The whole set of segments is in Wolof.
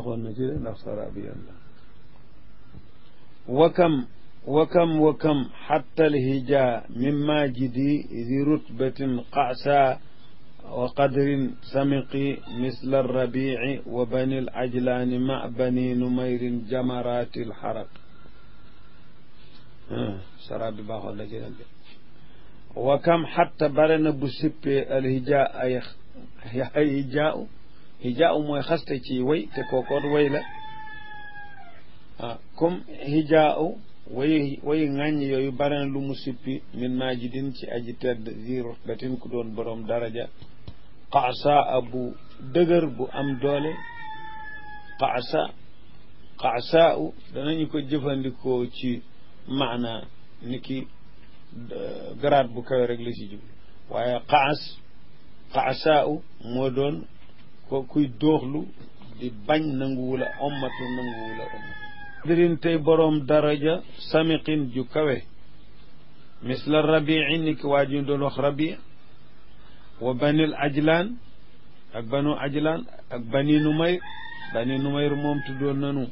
waxoon na ci ndax saraabiyan la wakam wakam wakam xatta alhija min majidi di rutbatin qaasa wa qadrin samiqi misla alrabici wa bani alajlaani ma bani numayrin jamaraati alxaraq saraab bi baaxoon na ci de wakam xatta bare na bu sippee alhija ay ay hijaa hijaa u mooy xaste ci way te kookoot way la ah comme hijaa u way way ŋàññ yooyu bare lu mu sippi min maajidin ci aji tedd zi rutbatin ku doon boroom daraja qaasa bu dëgër bu am doole qaasa qaasa u danañu ko jëfandikoo ci maana ni ki garaat bu kawe rek si jub waaye qaas qaasa u moo doon ko kuy dóoxlu di bañ nanguwula ommatu nanguwula ommatu dirin tey boroom daraja samiqin ju kawe misla rabii ni ki waa ji doon wax rabi wa banil ajlaan ak banu ajlaan ak bani numayr bani numayr moom tuddoon nanu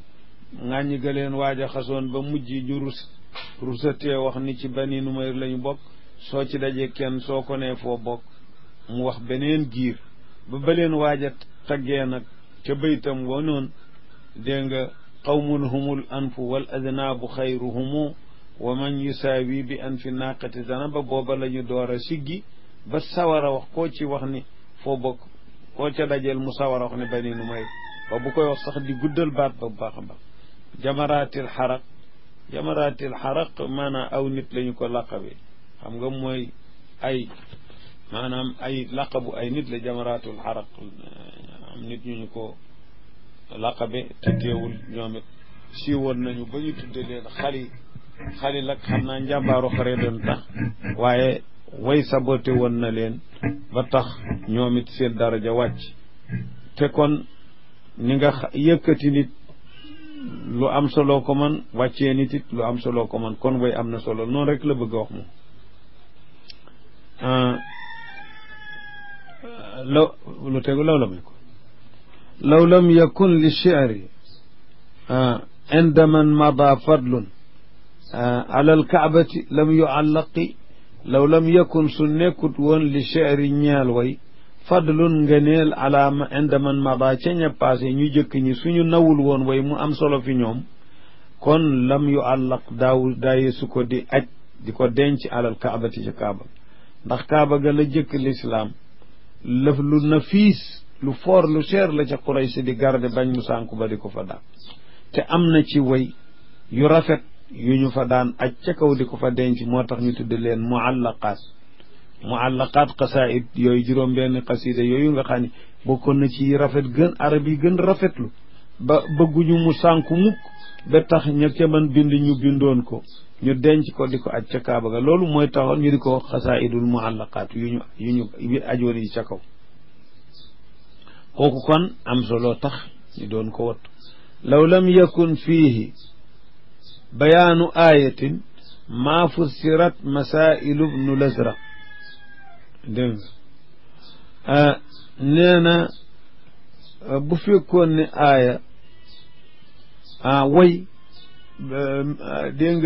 ŋàññi ga leen waaj xasoon ba mujj ñu rus rusatee wax ni ci bani numayr lañu bokk soo ci dajee kenn soo ko nee foo bokk mu wax beneen giir ba baleen waaja taggee nag ca baytam wa noon nga qawmun humul anfu wal adnaabu xayruhumu wa man yusaawi bi anfi naaqati zanaba booba la ñu door a siggi ba sawara wax koo ci wax ni foo bokk koo ca dajeel mu sawar a wax ne bani nu may ba bu koy wax sax di guddal baat ba bu baax a baax jamaraatil xaraq jamaraatil aw nit la ko laqabe xam nga mooy ay maanaam ay laqabu ay nit la jamaraatul xaraq nit ñu ñu ko laqabe te teewul ñoom it siiwoon nañu ba ñu tudde leen xali xali lak xam naa njàmbaaru xare doon tax waaye way saboté woon na leen ba tax ñoom seen daraja wàcc te kon ni nga yëkkati nit lu am solo ko man wàccee nit it lu am solo ko man kon way am na solo noonu rek la bëgg a wax moom ah, law lu tegu law lam yakun law lam yakun li shi'ri ah, inda man mada fadlun ah, ala alkaabati lam yuallaqi law lam yakun su nekkut woon li shi'ri ñeel way fadlun ngeneel ala inda man mada ca ña passé ñu jëkk ñi suñu nawul woon way mu am solo fi ñoom kon lam yuallaq daaw daaye su ko di aj di ko denc alal kaabati ca kaaba ndax kaaba ga la jëkk lislaam lëf lu nafiis lu foor lu cher la ca Quraysh di garde bañ mu sànku ba di ko fa daan te am na ci way yu rafet yu ñu fa daan aj ca kaw di ko fa denc moo tax ñu tudd leen muallaqaat muallaqaat xasaid yooyu juróom benn xasida yooyu nga xam bokkoon na ci rafet gën arab yi gën rafetlu ba bëgguñu mu sànku mukk ba tax ña ca man bind ñu bindoon ko ñu denc ko di ko aj kaaba ga loolu mooy taxoon ñu di ko xasaidul muallaqaat yu ñu yu ñu ajoon ca kaw kooku kon am solo tax ñu doon ko wattu law lam yakun fiihi bayaanu ayatin maa fussirat masailu bnu lazraq dégg nga ah, nee na ah, bu fekkoon ne aaya ah, way dégg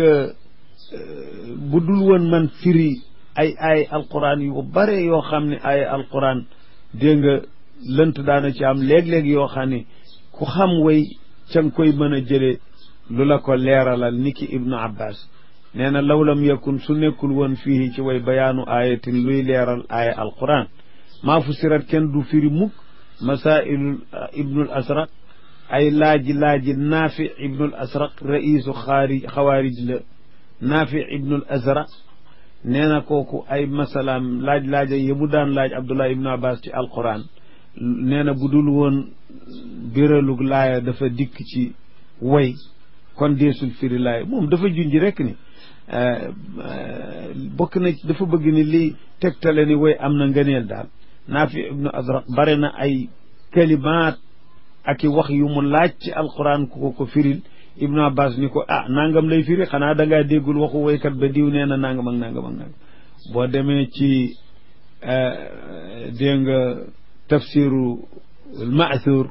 bu dul woon man firi ay ay alquran yu bare yoo xam ne ay alquran dégg nga lënt daana ci am léeg-léeg yoo xam ni ku xam way ca koy mën a jëlee lu la ko leeralal ni ki ibnu abbas nee na law lam yakun su nekkul woon fii ci way bayaanu ayatin luy leeral aaya alquran maa fu sirat kenn du firi mukk masailul uh, ibnul asraq ay laaji laaji naafi ibnul asraq raisu xaari la naafi ibnul azra nee na kooku ay masalaam laaj-laaja yi mu daan laaj abdullah ibnu abbas ci alquran nee na bu dul woon biralug laaya dafa dikk ci way kon deesul firi laaya moom dafa junji rekk ni euh, bokk na dafa bëgg ni lii tegtale ni way am na ngëneel daal naafi ibnu azraq bare na ay kalimaat ak i wax yu mu laaj ci alquran ku ko ko firil ibnu abbas ni ko ah nangam lay firi xanaa da ngaa déggul waxu woykat ba diw nee na nangam ak nangam ak boo demee ci eh, dégg nga tafsiru maasur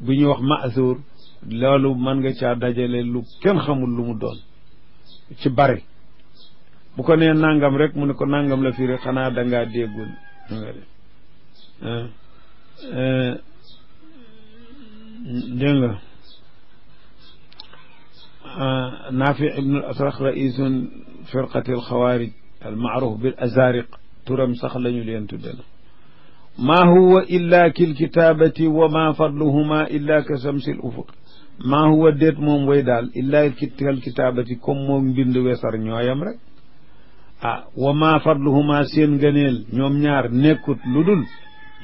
bu ñuy wax maasur loolu man nga ca dajale lu kenn xamul lu mu doon ci bari bu ko nee nangam rek mu ne ko nangam la firi xanaa da ngaa déggul eh, eh, naafi ibnul asraq raisun firqati alxawaarij almaaruf bil azariq turam sax la ñu leen tudde na maa huwa illa kil kitaabati wa ma fadluhuma illa ka samsil ufuq maa huwa déet moom way daal illa kal kitaabati comme moom mbind wesar ñooyam rek ah wa ma fadluhuma seen ngëneel ñoom ñaar nekkut lu dul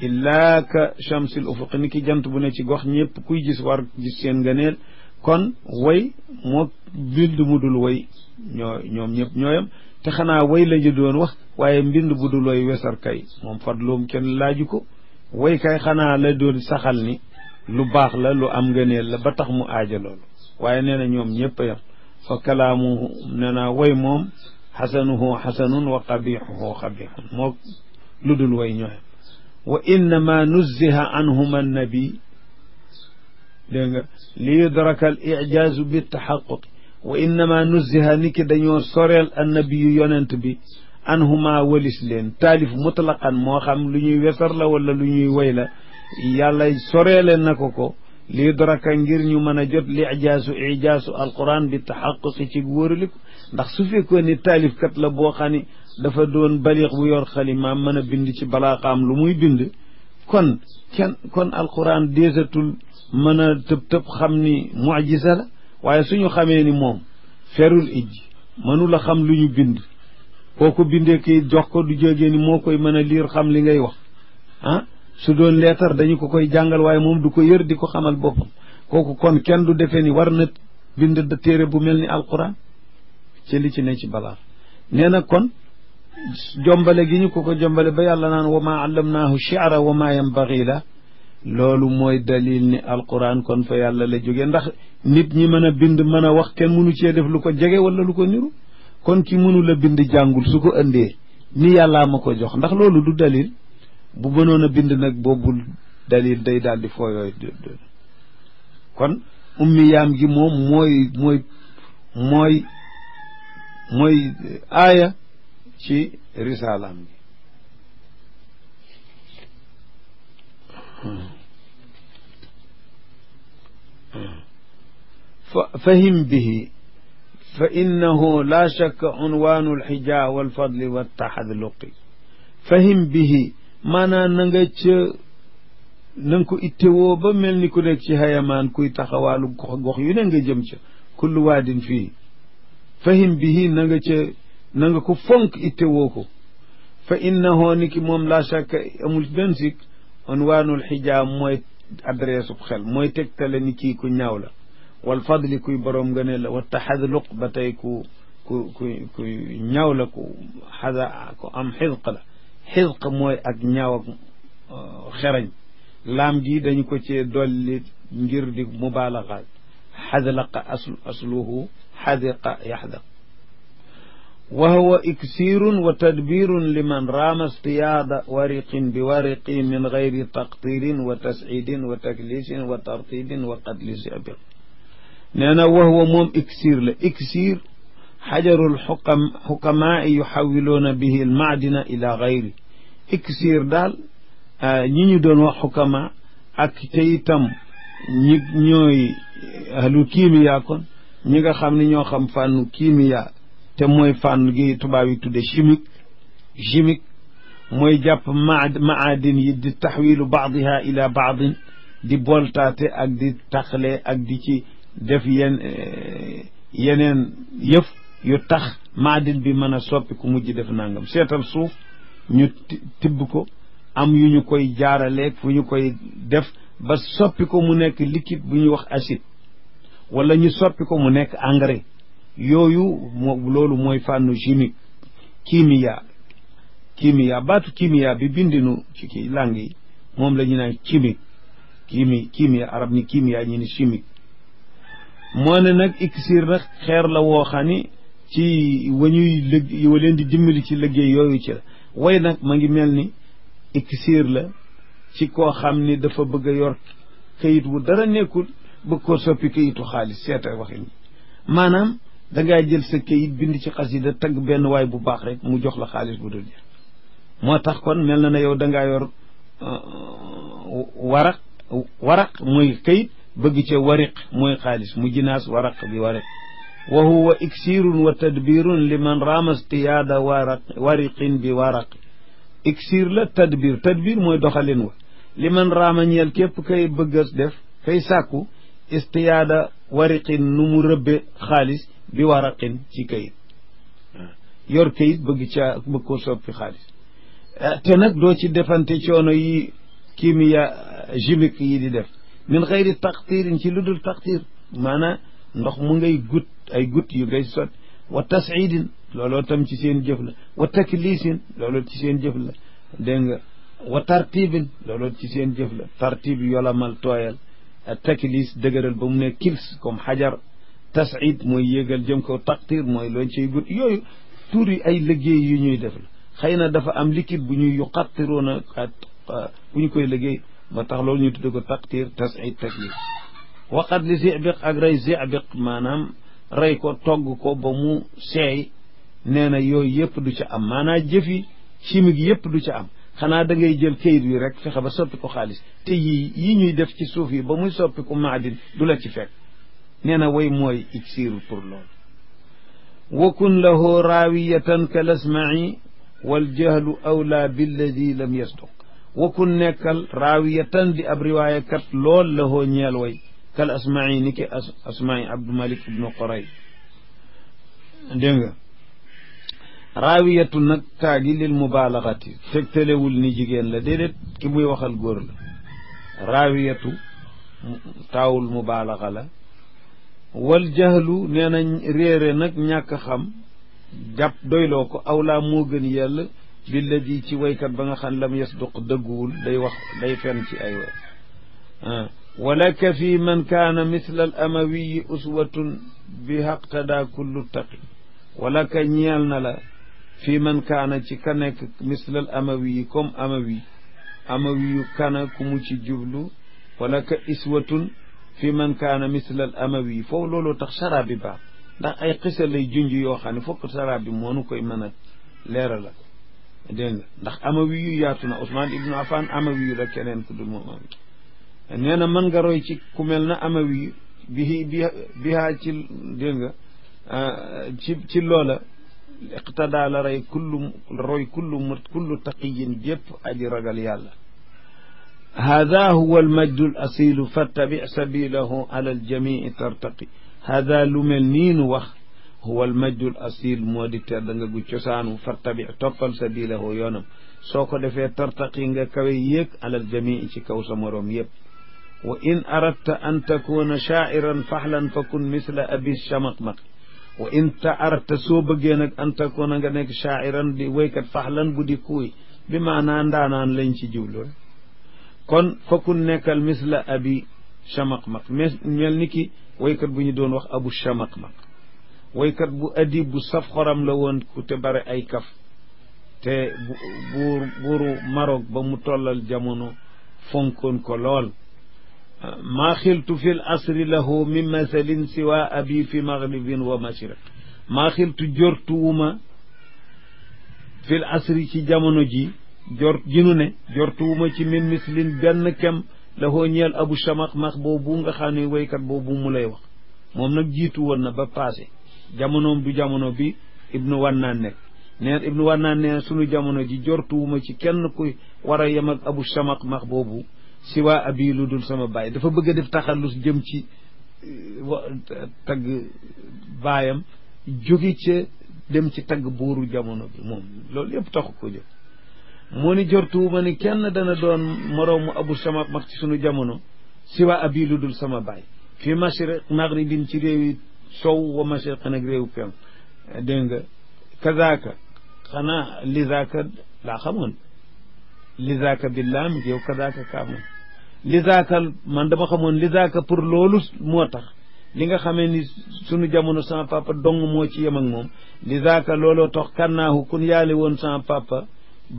illa ka chamsil ufuq ni ki jant bu ne ci gox ñëpp kuy gis war gis seen ngëneel kon woy moo mbind mu dul woy ñoo ñoom ñëpp ñooyam te xanaa woy la ñu doon wax waaye mbind bu dul woy wesar kay moom fadloom kenn laaju ko woy kay xanaa la doon saxal ni lu baax la lu am ngëneel la ba tax mu aaja waaye nee na ñoom ñëpp a yam fa kalaamuhu nee naa woy moom xasanuhu xasanun wa qabixuhu qabixun moo lu dul woy ñooyam wa innama nuzziha anhum annabi dégg nga li yudraka al ijaazu bi taxaquqi wa innama nuzziha ni ki dañoo soreel annabiyu yonent bi anhuma walis leen taalif mutlaqan moo xam lu ñuy wesar la wala lu ñuy woy la yàlla soreele na ko ko li yudraka ngir ñu mën a jot li ijaazu ijaazu alquran bi taxaquqi ci wóoraliku ndax su fekkoon ni taalifkat la boo xam ni dafa doon baliix bu yor xalimaam mën a bind ci balaa xam lu muy bind kon kenn kon alquran déesatul mën a tëb-tëb xam ni mujisa la waaye suñu xamee ni moom ferul ijji mënula xam lu ñu bind boo ko bindee jox ko du jógee ni moo koy mën a liir xam li ngay wax ah su doon leetar dañu ko koy jàngal waaye moom du ko yër di ko xamal boppam kooku kon kenn du defee ni war na bind téere bu mel ni alquran ci li ci ne ci balaa nee na kon jombale gi ñu ko ko jombale ba yàlla naan wa maa allamnaahu shi'ra wa maa yanbaghi la loolu mooy dalil ni alquran kon fa yàlla la jóge ndax nit ñi mën a bind mën a wax kenn mënu cee def lu ko jege wala lu ko niru kon ki mënu la bind jàngul su ko indee ni yàllaa ma ko jox ndax loolu du dalil bu mënoon a bind nag boobul dalil day daal di fooyooy kon ummiyaam gi moom mooy mooy mooy mooy aaya ci risaalaam bi fahim bihi fa innahu laa shakka unwaanu alxijaa walfadli waltaxadluqi fahim bihi maanaam na nga ca na nga ko ittewoo ba mel ni ku nekk ci hayamaan kuy taxawaalu gox gox yu ne nga jëm ca kullu waadin fii fahim bihi na nga ca na nga ko fonk ittewoo ko fa innahu ni ki moom laa shakka amul benn sikk unwaanul xijaab mooy adresse bu xel mooy tegtale ni kii ku ñaaw la wal fadli kuy boroom nga ne la wa taxadluq ba tey ku ku ku ku ñaaw la ku xada ku am xizq la xizq mooy ak ñaaw ak uh, xerañ laam gi dañu ko cee dolli ngir di mubaalaxaat xadlaqa asluhu xadiqa yaxdaq wa huwa iksiirun wa tadbiirun liman raama istiyaada wariqin bi wariqi min gayri taqtiirin wa tasciidin wa takliisin wa tartiibin wa qatli sabiq nee na wa huwa moom iksiir la iksiir xajarul xukam xukamaa yu xawiloona bihi almaadina ila gayri iksiir daal ah, ñi ñu doon wax xukama ak te itam ñi ñooy ahlu kiimiyaa kon ñi nga xam ne ñoo xam fànnu kiimiyaa te mooy fànn gi tubaab yi tudde chimique chimique mooy jàpp maadin yi di taxwilu baadiha ila baadin di boltaate ak di taxle ak di ci def yen eh, yeneen yëf yu tax maadin bi mën a soppi ku mujj def nangam seetal suuf ñu tibb ko am yu ñu koy jaarale fu ñu koy def ba soppi ko mu nekk liquide bu ñuy wax acide wala ñu soppi ko mu nekk engrais yooyu moo loolu mooy fànnu chimique kimia kimia baatu kimia bi bindinu ci ki langue yi moom lañu ñu naan chimique kimi kimia arab ni kimia ñi ni chimique moo ne nag iksir nag xeer la woo xam ni ci wañuy lëg wa leen di dimbali ci liggéey yooyu ci la woy nag ma ngi mel ni iksir la ci ko xam ni dafa bëgg a yor kayit wu dara nekkul bëgg koo soppi kayitu xaalis seeta waxin maanaam da ngaa jël sa kayit bind ci xasida tagg benn waay bu baax rek mu jox la xaalis bu dul jeex moo tax kon mel na ne yow da yor uh, waraq waraq mooy kayit bëgg ca wariq mooy xaalis mu jinaas waraq bi wariq wa huwa iksirun wa tadbirun li man ramastiyaada waraq wariqin bi waraq iksir tadbir tadbir mooy doxalin wa li man raama ñeel képp kay bëgg a def kay sàkku istiyaada wariqin nu mu rëbbe xaalis bi waraqin ci kayit yor kayit bëgg caa bëgg koo xaalis eh, te nag doo ci defante coono yi kimia chimique yi di def min xëyri taqtirin ci lu dul taqtir maanaam ndox mu ngay gut ay gut yu ngay sot wa tasidin looloo tam ci seen jëf la wa taklisin looloo ci seen jëf la dégg nga wa tartibin looloo ci seen jëf la tartib yolamal tooyal taklis dëgëral ba mu ne kils comme xajar tascid mooy yéegal jëm ko taqtir mooy loo ciy gut yooyu tur yi ay liggéey yu ñuy def la xëy na dafa am liquide bu ñuy yu a bu ñu koy liggéey ba tax loolu ñu tudde ko taqtir tascid taklif waqat li zibiq ak rey zibiq maanaam rey ko togg ko ba mu seey nee na yooyu yëpp du ca am maanaa jëfi chimique yëpp du ca am xanaa da ngay jël kayit yi rek fexe ba soppi ko xaalis te yi yi ñuy def ci suuf yi ba muy soppi ko maadin du la ci fekk nee na way mooy ijsiiru pour lool wa kun lahu raawiyatan kal asmaci waljahlu awlaa billadi lam yasduq wa kun nekkal raawiyatan di ab riwaayakat lool way kal asmaci ni ki asmaci abdumalik ibnu qoray dégg nga raawiyatu nag taa gi lil mubaalaxati tegtalewul ni jigéen la déedéet ki muy waxal góor la raawiyatu taawul mubaalaxa la wal jahlu nee nañ réere nag ñàkk xam jàpp doyloo ko awlaa moo gën yàlla billadi ci waykat ba nga xam lam yasduq dëgguwul day wax day fenn ci ay ah. wa walaka fi man kaana misla al amawiyi uswatun bi haqtada kullu taqi walaka ñeel na la fi man kaana ci ka nekk misla al amawiyi comme amawi amawiyu kana ku mu ci jublu walaka iswatun fi man kaana misla al amawi foofu looloo tax sara bi baax ndax ay xisa lay junj yoo xam ne fokk sara bi moonu koy mën a leera la dégg nga ndax amawi yu yaatu na Ousmane ibnu Affan amawi yu la keneen ku dul moom amawi nee na mën nga roy ci ku mel na ama yu bi bi ah, ci loola iqtadaa la rey kullu roy kullu kullu taqiyin bépp aji ragal yàlla هذا هو المجد الأصيل فاتبع سبيله على الجميع ترتقي هذا lu mel nii nu wax هو المجد الأصيل moo di tedd nga gu cosaanu فاتبع toppal سبيله yoonam soo ko defee tartaqi nga kawe yéeg على الجميع ci kaw sa moroom yépp wa in aradta an takuna shaa'iran fahlan fakun misla abi shamaq-maq wa in ta aradta soo bëggee nag an takuna nga nekk shaa'iran di waykat fahlan bu di kuuy bi maanaa ndaanaan lañ ci jublu kon fokkun nekkal misla abi chamaqmaq mel ni ki waykat bu ñu doon wax abu chamaqmaq waykat bu adib bu saf xoram la woon ku te bare ay kaf te buur buuru Maroc ba mu tollal jamono fonkoon ko lool maa xiltu fi l asri lahu min masalin siwa abi fi maghribin wa mashriq maa xiltu jortuwuma fi l asri ci jamono ji jor ji jinu ne jortuwuma ci min mislin benn kem lahoo ñeel abu shamaq max boobu nga xam ne waykat boobu mu lay wax moom nag jiitu woon na ba passé jamonoom du jamono bi ibnu wannaan nekk neen ibnu wannaan neen sunu jamono ji jortuwuma ci kenn ku war a yem ak abu shamaq max boobu si waa abi lu dul sama baay dafa bëgg a def taxallus jëm ci eh, tagg baayam jóge ca dem ci tagg buuru jamono bi moom loolu yëpp taxu ko jóg moo ni jortuwuma ni kenn dana doon moroomu abu sama mag ci sunu jamono siwa abi lu dul sama baay fii mashriq maghribin ci réewi sow wa mashriqin ak réewu penk dégg nga kazaaka xanaa lizaaka laa xamoon lizaaka billaam yow kazaaka kaamoon lizaaka man dama xamoon li lizaaka pour loolu moo tax li nga xamee ni sunu jamono sama papa dong moo ci yem ak moom lizaaka looloo tax kannaahu kun yaale woon sama papa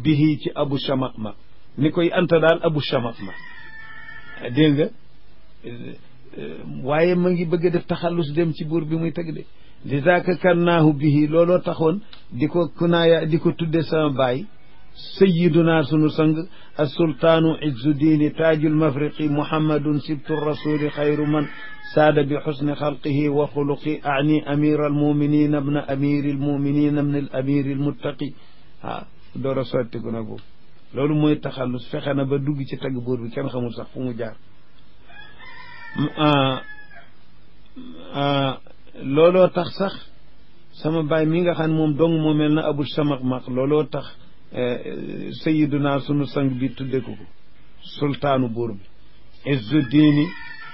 bihi ci abu shamama ni koy anta daal abu shamama dégg nga waaye ma ngi bëgg a def taxallus dem ci buur bi muy teg de li zaaka kannaahu bihi looloo taxoon di ko kunaaya di ko tudde sama baay sayiduna sunu sang alsultaanu izzuddiini taajul mafriqi muhammadun sibtu rasuli xayru man saada bi xusni xalqihi wa xuluqi ani amira almuminina bna amiri almuminina bna alamiri almuttaqi waaw door a sottiku na ko loolu mooy taxallus fexe na ba dugg ci tagg buur bi kenn xamul sax fu mu jaar ah, ah, looloo tax sax sama baay mi nga xam ne moom dong moo mel na abu samaq-maq looloo tax eh, sayiduna sunu sang bi tudde ko ko sultaanu buur bi izzuddini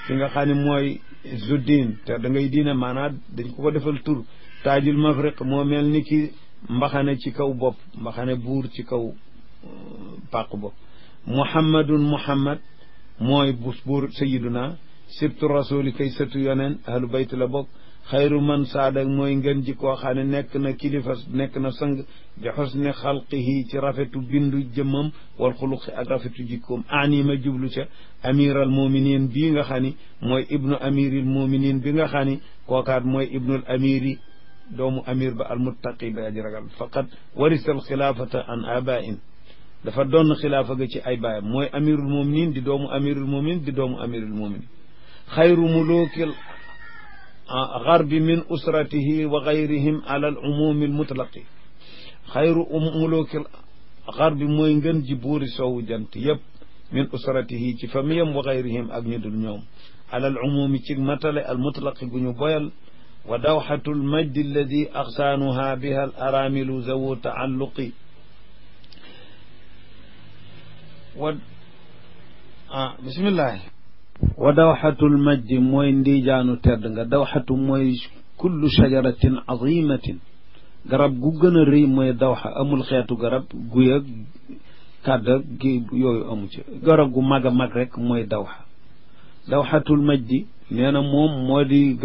fi nga xam ne mooy zuddin te da ngay diine maanaam dañ ko ko defal tur taajul mafriq moo mel ni ki mbaxane ci kaw bopp mbaxane buur ci kaw euh, pàq bopp muhammadun muhammad mooy bu buur sayiduna sibtu rasuli kay sëtu yoneen ahlu bayt la bokk xayru man saadak mooy ngën ji koo xam ne nekk na kilifa nekk na sang bi xusni xalqihi ci rafetu bindu jëmmam wal xuluqi ak rafetu jikkoom ani ma jublu ca amiral muminin bii nga xam ni mooy ibnu amiril muminin bi nga xam ni kookaat mooy ibnul amiri doomu amir ba almuttaqi ba aji ragal faqad warisal xilaafata an abain dafa doon xilaafa ga ci ay baayam mooy amirul muminin di doomu amirul muminin di doomu amirul muminin xayru mulukil garbi min usratihi wa gayrihim ala al umumi al mutlaqi xayru um-, mulukil garbi mooy ngën ji buuri soowu jant yëpp min usratihi ci famiyam wa gayrihim ak ñu dul ñoom ala al umumi ci matale al mutlaqi gu ñu boyal wa dawxatu lmajdi alladi axsaanuha biha al aramilu zawu taalluqi wa ah bisimillahi wa dawxatu lmajdi mooy ndiijaanu tedd nga dawxatu mooy kullu shajaratin azimatin garab gu gën a rëy mooy dawxa amul xeetu garab guyag kàdda gi yooyu amu ci garab gu mag a mag rek mooy dawxa dawxatul majdi nee na moom moo di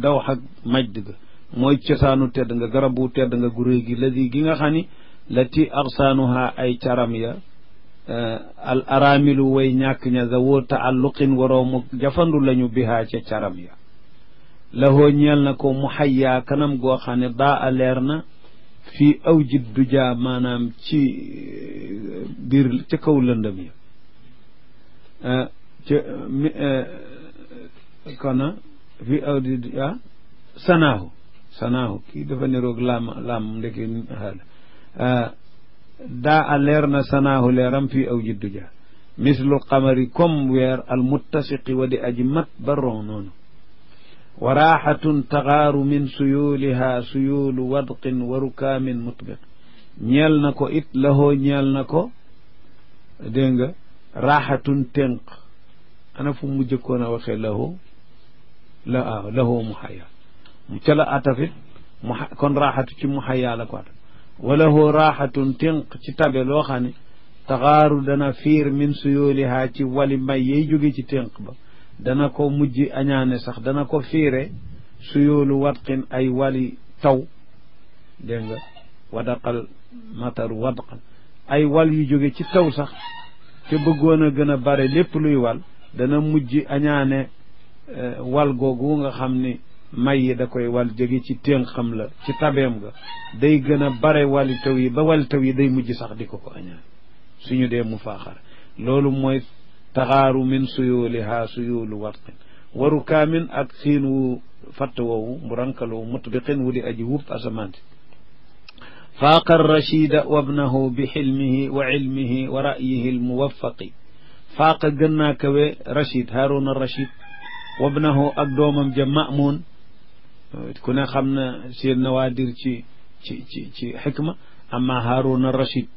daw ak majd ga mooy cosaanu tedd nga garabu tedd nga gu gi la di gi nga xam ni la ti arsaanuha ay caram ya eh, al aramilu way ñàkk ña za woo taalluqin waroomu jafandu lañu bihaa ca caram ya lahoo ñeel na ko mu yaa kanam goo xam ne daa a na fi aw jid du jaa maanaam ci eh, biir ci kaw lëndëm yi kon fi awdiya ah, sanaahu sanaahu kii dafa niroog laam laam ndeke ah, ah, daa a leer na sanaahu leeram fii aw jiddu ja mislu xamari comme weer al muttasiqi wa di aji mat ba ron noonu wa raaxatun taxaaru min suyuulihaa suyuulu wadqin wa rukaamin mutbiq ñeel na ko it lahoo ñeel na ko dégg nga raaxatun ténq ana fu mu jëkkoon a waxee lahoo la waaw ah, lahoo muxaya ca la atafit mu kon raaxatu ci muxaya la ko at wala hoo raaxatun tinq ci tabe loo xam ne taxaaru dana fiir min suyoolihaa ci wali may yey jóge ci ténq ba dana ko mujj añaane sax dana ko fiire suyoolu watqin ay wali taw dégg nga wadaqal mataru wadqan ay wal yu jóge ci taw sax te bëggoon a gën a bare lépp luy wal dana mujj añaane Eh, wal googu nga xam ni may yi da koy wal jóge ci ténxam la ci tabeem ga day gën a bare wali taw yi ba wali taw yi day mujj sax di ko ko añaan suñu dee mu faaxar loolu mooy taxaaru min suyuliha suyulu wartin warukaa min ak xiin wu fatt woowu mu rankaloowu mutbiqin wu di aji wupp asamaanti faaqa rachida wabnahu bi xilmihi wa ilmihi wa ra'yihi almuwafaqi faaqa gën naa kawe rachid haaruna rachid wabnahu ak doomam ja Maamun ku ne xam na seen nawaadir ci ci ci ci xikma amma Haaruna Rachid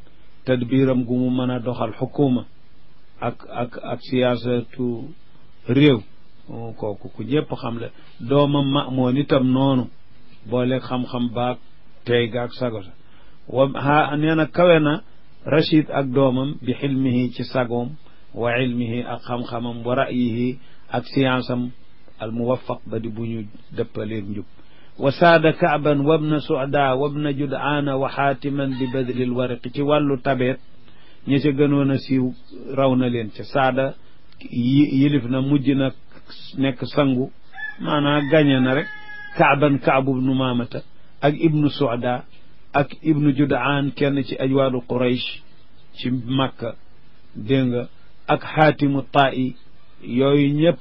tadbiiram gu mu mën a doxal xukuma ak ak ak siyaasatu réew kooku ku ñëpp xam la doomam Maamun itam noonu boole xam-xam baag tey gaag sago sa wa a nee na kawe na Rachid ak doomam bi xilmihi ci sagoom wa ilmihi ak xam-xamam wa ra'yihi ak science am al muwaffaq ba di bu ñu dëppaleeg njub wa saada kaaban wabna suada wabna judaana wa xaatiman bi badlil waraqi ci wàllu tabeet ñi ca gënoon a siiw raw na leen ca saada yilif na mujj na nekk sangu maanaam gañe na rek kaaban kaabu bnu maamata ak ibnu suada ak ibnu judaan kenn ci ajwaadu quraysh ci makka dégg nga ak xaatimu taa'i yooyu ñëpp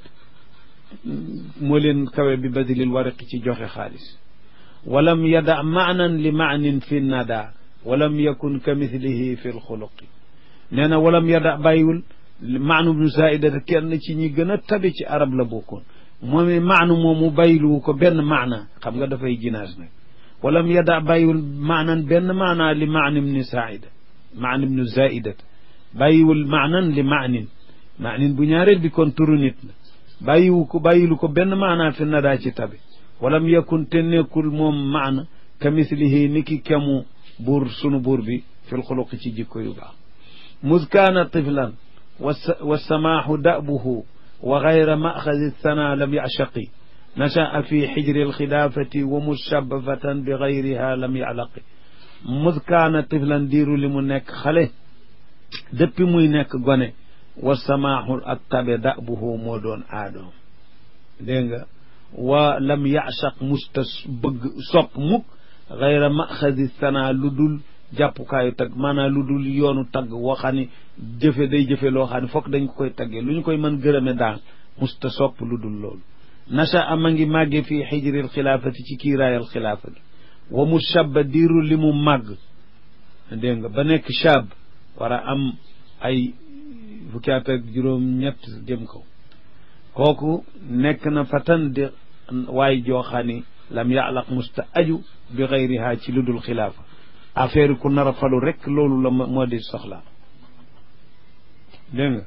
moo leen kawe bi badilil waraqi ci joxe xaalis walam yada maanan li maanin fi nada walam yakun ka mithlihi fi lxuluqi nee na walam yada bàyyiwul maanu bnu zaida kenn ci ñi gën a tabi ci arab la bokkoon moomi maanu moomu bàyyiluwu ko benn maana xam nga dafay jinaas nag walam yada bàyyiwul maanan benn maana li maani bnu zaida maani bnu zaida bàyyiwul maanan li maanin maanin bu ñaareel bi kon turu nit la bàyyiwu ko bàyyilu ko benn maanaa fi na daa ci tabi walam yakun te nekkul moom maana ka mislihi ni ki kemu buur sunu buur bi fil xuluqi ci jikko yu baax muskaana tiflan wa samaahu dabuhu wa gayra maxasi sana lam yacshaqi nachaa fi xijri alxilaafati wa mushabafatan bi gayriha lam yaclaqi muskaana tiflan diiru li mu nekk xale depuis muy nekk gone wa samaaxul ak tabe da buhu moo doon aadoo dégg nga wa lam yacchaq musta bëgg sopp mukk xayra maxasi sanaa lu dul jàppukaayu tagg maanaa lu dul yoonu tagg woo xam ne jëfe day jëfe loo xam ne foog dañ ko koy taggee lu ñu koy mën gërëme daal musta sopp lu dul loolu nacha ama ngi màggee fii xijril xilaafati ci kiiraayal xilaafa gi wa mu shabba diiru li mu màgg dégg ba nekk shab war am ay fukki at ak juróom-ñett jëm kaw kooku nekk na fatan di waay jooxaani lam yàlaq musta aju bi xayriha ci lu dul xilaafa affaire ku nar a falu rek loolu la moo di soxla dégg nga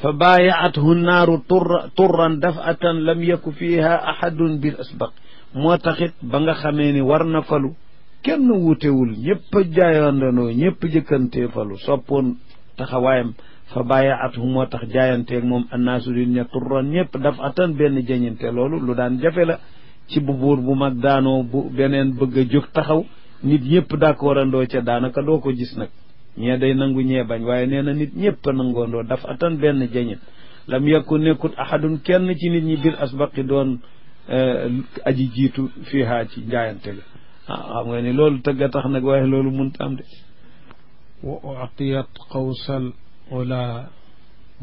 fa baayaathu naaru tur turran dafatan lam yaku fiiha ahadun bil asbaq moo taxit ba nga xamee ni war na falu kenn wuutewul ñëpp a jaayandanoo ñëpp jëkkantee falu soppoon taxawaayam fa bàyyaathu moo tax jaayanteeg moom annaasu di ña turran ñëpp daf atan benn jañinte loolu lu daan jafe la ci bu buur bu mag daanoo bu beneen bëgg a jóg taxaw nit ñëpp d'accord andoo ca daanaka doo ko gis nag ñee day nangu ñee bañ waaye nee na nit ñëpp a nangoondoo daf atan benn jañin lam yakku nekkut ahadun kenn ci nit ñi biir asbaqi doon eh, aji jiitu fii ci jaayante ga ah xam nga ni loolu tëgg a tax nag waaye loolu mënut am de wa atiyat qawsal ولا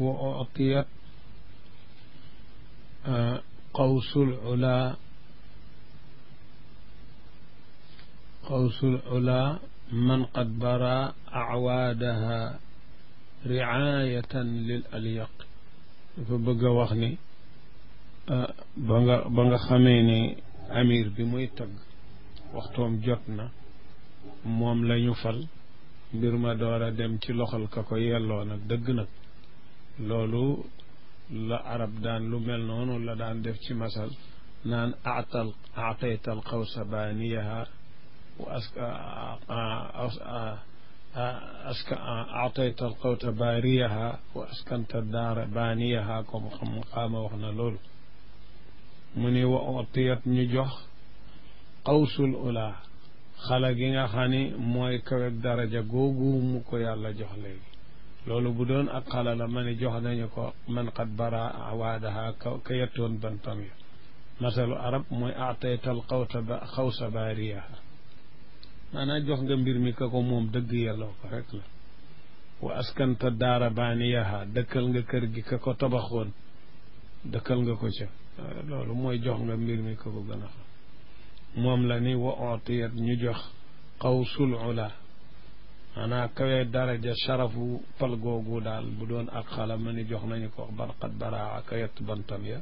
وأعطيت قوس العلا قوس العلا من قد برى أعوادها رعاية للأليق فبقى وخني ba nga xamee ne amir bi muy tagg waxtoom jot na moom lañu fal mbir ma door a dem ci loxol ka ko yelloo nag dëgg nag loolu la arab daan lu mel noonu la daan def ci masal naan atal atayta al xawsa baaniyaha wa aska aska atayta al xawsa baariyaha wa askanta daara baaniyaha comme xam xaama wax na loolu mu ni wa otiyat ñu jox xawsul ulaa xala gi nga xam mooy kawe daraja googu mu ko yàlla jox léegi loolu bu doon ak xala ma ni jox nañu ko man qad bara awaadaha ka ka yettoon bantam ya masalu arab mooy ataytal xawta ba xawsa baariyaha maanaam jox nga mbir mi ka ko moom dëgg yelloo ko rek la wa askanta daara baaniyaha dëkkal nga kër gi ka ko tabaxoon dëkkal nga ko ca loolu mooy jox nga mbir mi ka ko gën a xam moom la ni wa ootiyat ñu jox xawsul ula maanaa kawee daraja sharafu pal googu daal bu doon ak xala ma ni jox nañu ko barqat baraa kayat bantam ya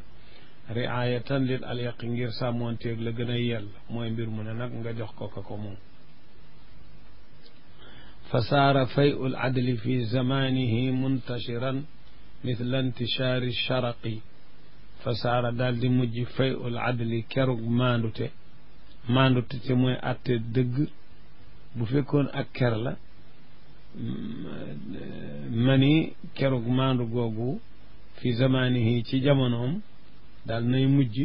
riayatan lil alyaqi ngir sàmmoonteeg la gën a yell mooy mbir mu ne nag nga jox ko ko ko moom fa saara fayu l adli fi zamanihi muntashiran mithla intishaari sharaqi fa saara daal di mujj fayu l adli kerug maandute maandute te mooy àtte dëgg bu fekkoon ak ker la mm, mani kerug maandu googu fi zamaanihi ci jamonoom daal nay mujj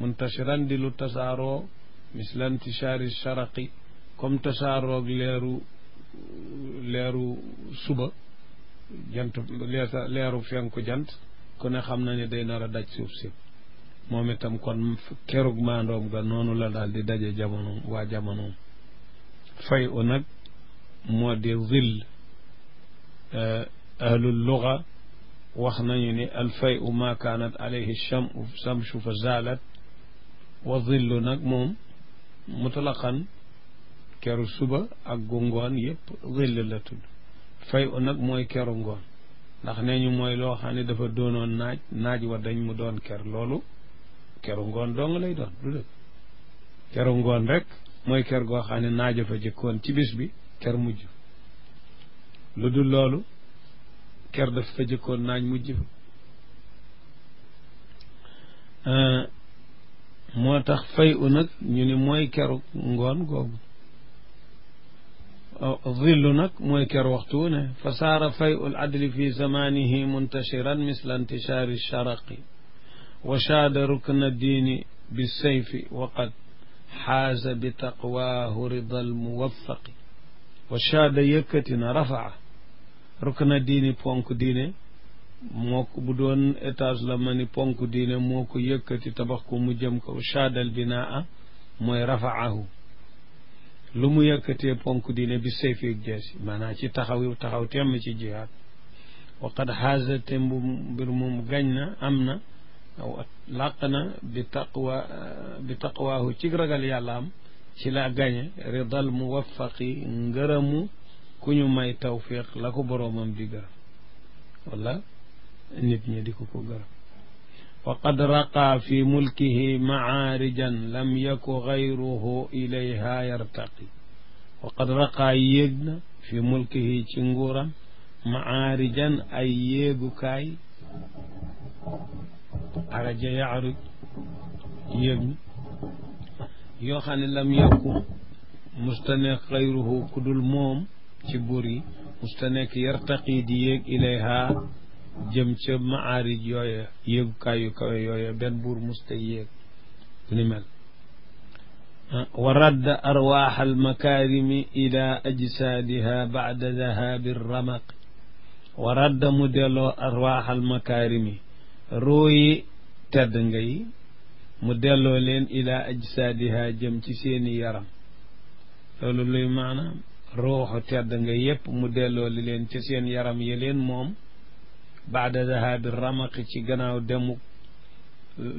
muntashiran di lu tasaaroo mislan tishaari sharaqi comme tasaaroog leeru leeru suba jant leeru fenku jant ku ne xam na ne day nar a daj suuf si moom itam kon kerug maandoom ga noonu la daal di daje jamono waa jamono fay nag moo di zill eh, ahlul luga wax nañu ni al fay u ma kaanat alayhi cham samchu fa zaalat wa zillu nag moom mutlaqan keru suba ak gu ngoon yëpp zill la tudd fay nag mooy keru ngoon ndax nee ñu mooy loo xam ne dafa doonoon naaj naaj wa dañ mu doon ker loolu keru ngoon dong lay doon du dëgg ngoon rek mooy ker goo xam ne naajo fa ci bis bi ker mujj lu loolu ker daf fa jëkkoon naaj mujj fa euh, moo tax fay u nag ñu ni mooy keru ngoon googu euh, zillu nag mooy ker waxtu wu ne fa fi zamanihi muntashiran misla intishaari sharaqi wa shaada rukna diini bi sayfi waqad xaaza bi taqwaahu ridal muwafaqi wa shaada yëkkati na rafaa rukna diini ponk diine moo ko bu doon étage la ma ni ponk diine moo ko yëkkati tabax ko mu jëm ko shaadal binaa mooy rafaahu lu mu yëkkatee ponk diine bi sayfi ak jeesi maanaam ci taxaw taxaw temm ci jihaad waqad xaaza te mbir moom gañ na am na aw làq na bi taqwa bi taqwaahu ci ragal yàlla am ci laa gañe ridal muwaffaqi ngërëmu ku ñu may tawfiq la ko boroomam di gërëm wala nit ñi di ko ko gërëm wa qad raqa fi mulkihi maarijan lam yaku gayruhu ilayha yartaqi wa qad raqa yéeg na fi mulkihi ci nguuram maarijan ay yéegukaay araja yaaruj yëg yoo xam ne lam yokku musta nekk xayruhu ku dul moom ci buur yi musta nekk yartaqi di yéeg ilayha jëm ca maarij yooya yéegukaay yu kawe yooya benn buur musta yéeg ni mel wa radda arwaax almakaarimi ila ajsaadiha bacda dahabi ramaq wa radda mu delloo arwaax almakaarimi ruuyi tedd nga yi mu delloo leen ila ajsaadiha jëm ci seeni yaram loolu luy yépp mu delloo li leen ci yaram yi leen moom baada dahabi ramaq ci gannaaw demuk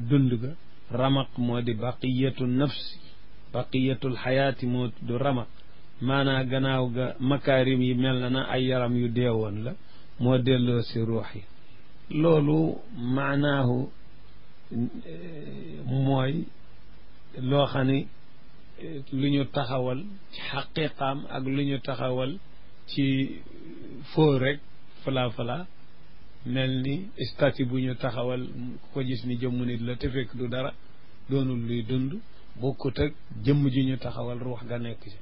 dund ga ramaq moo di baqiyatu nafsi baqiyatul xayaati moo du ramaq maanaa gannaaw ga makaarim yi mel na na ay yaram yu deewoon la moo delloo si yi loolu maanaahu eh, mooy loo xam eh, lu ñu taxawal ci xaqiqaam ak lu ñu taxawal ci foo rekk fala fala mel ni statut bu ñu taxawal ko gis ni jëmm nit la te fekk du dara doonul luy dund bokkut ak jëmm ju ñu taxawal ruux ga nekk ci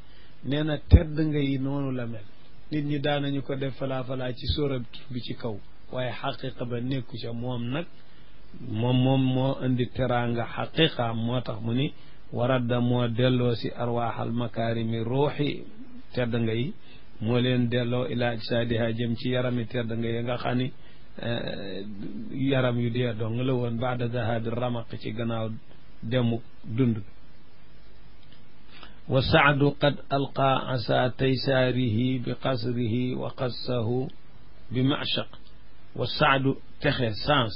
nee na tedd nga yi noonu la mel nit ñi daanañu ko def fala fala ci sóorat bi ci kaw waaye xaqiqa ba nekku ca moom nag moom moom moo indi teraanga xaqiqa moo tax mu ni waradda moo delloo si arwaaxal makaarimi ruuxi tedd nga yi moo leen delloo ilaa ajsaadiha jëm ci yarami tedd nga yi nga xam ni eh, yaram yu dee dong la woon baada dahabi ramaq ci gannaaw demu dund wa saadu qad alqaa asa taysaarihi bi qasrihi wa qassahu bi macshaq wa saadu texe sans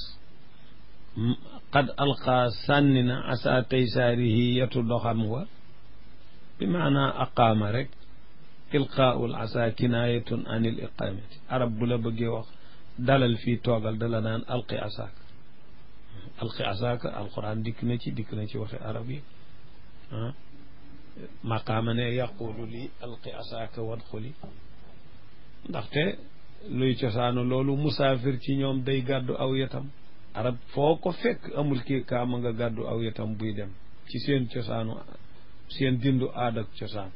qad alqaa sànni na asa taysaarihi yetu doxam wa bi maanaa aqaama rek ilqaaul asa kinaayatun an il iqaamati arab bu la bëggee wax dalal fii toogal dala naan alqi asaaka alqi asaaka alquran dikk na ci dikk na ci waxe arab yi ah maqaama ne yaquulu li alqi asaaka wadxuli ndaxte luy cosaanu loolu musaafir ci ñoom day gàddu aw yatam arab foo ko fekk amul kii kaama nga gàddu aw yatam buy dem ci seen cosaanu seen dindu aad cosaan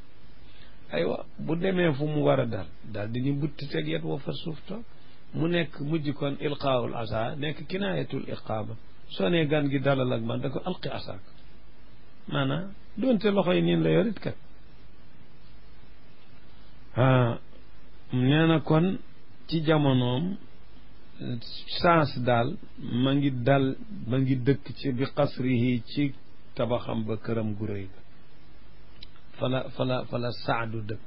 aywa bu demee fu mu war a dal daal di ñu butti teg yet wa fa suuf toog mu nekk mujj kon ilqaawul asa nekk kinaayatul iqaaba soo gan gi dalal ak man da ko alqi asaak maanaam doonte loxo yi niin la yorit kat nee kon ci jamonoom chance daal ma ngi dal ma ngi dëkk ci bi xasrihi ci tabaxam ba këram gu rëy ba fala fala fala saadu dëkk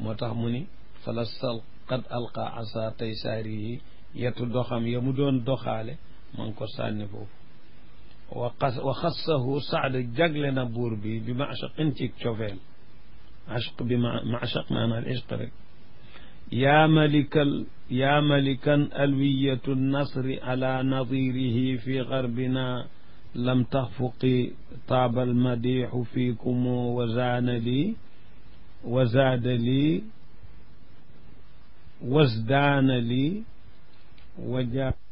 moo tax mu ni fala sal qad alqa asa tey saari yi yetu doxam ya mu doon doxaale ma ngi ko sànni foofu wa xas wa xassahu saad jagle na buur bi bi machaqin ci cofeel achq bi ma machaq maanaal ishq rek yaa malikal yaa malikan alwiyatu nasri ala nadirihi fi garbina lam taxfuqi taabal madixu fiikumu wa zaana lii wa zaada lii wasdaana lii wa ja